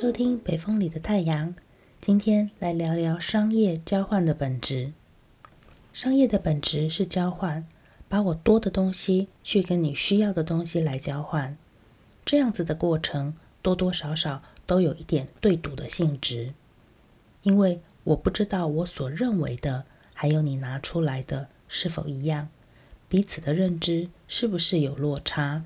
收聽北風裡的太陽，今天來聊聊商業交換的本質。商業的本質是交換，把我多的東西去跟你需要的東西來交換，這樣子的過程，多多少少都有一點對賭的性質，因為我不知道我所認為的還有你拿出來的是否一樣，彼此的認知是不是有落差。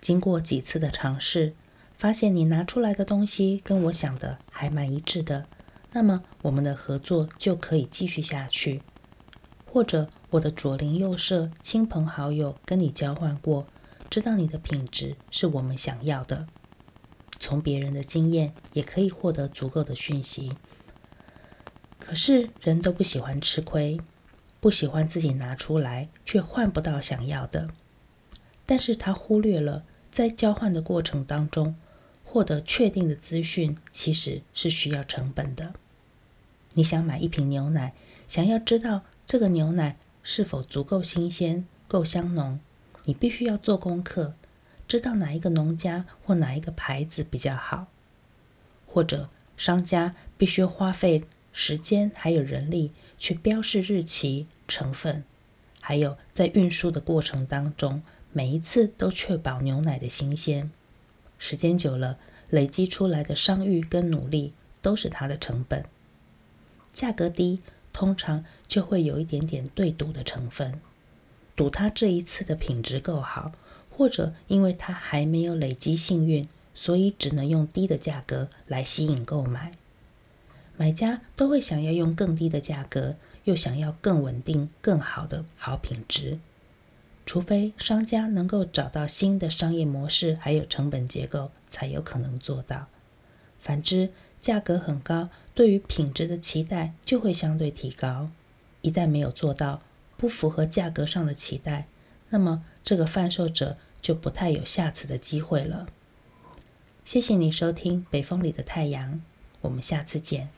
經過幾次的嘗試，發現你拿出來的東西跟我想的還蠻一致的，那麼我們的合作就可以繼續下去。或者我的左鄰右舍、親朋好友跟你交換過，知道你的品質是我們想要的。從別人的經驗也可以獲得足夠的訊息。可是人都不喜歡吃虧，不喜歡自己拿出來卻換不到想要的。但是他忽略了在交換的過程當中，獲得確定的資訊其實是需要成本的。你想買一瓶牛奶，想要知道這個牛奶是否足夠新鮮、夠香濃，你必須要做功課，知道哪一個農家或哪一個牌子比較好。或者商家必須花費時間還有人力去標示日期、成分，還有在運輸的過程當中，每一次都確保牛奶的新鮮。時間久了，累積出來的商譽跟努力都是它的成本。價格低，通常就會有一點點對賭的成分，賭它這一次的品質夠好，或者因為它還沒有累積幸運，所以只能用低的價格來吸引購買。買家都會想要用更低的價格，又想要更穩定、更好的好品質。除非商家能夠找到新的商業模式，還有成本結構，才有可能做到。反之，價格很高，對於品質的期待就會相對提高。一旦沒有做到，不符合價格上的期待，那麼這個販售者就不太有下次的機會了。謝謝你收聽《北風裡的太陽》，我們下次見。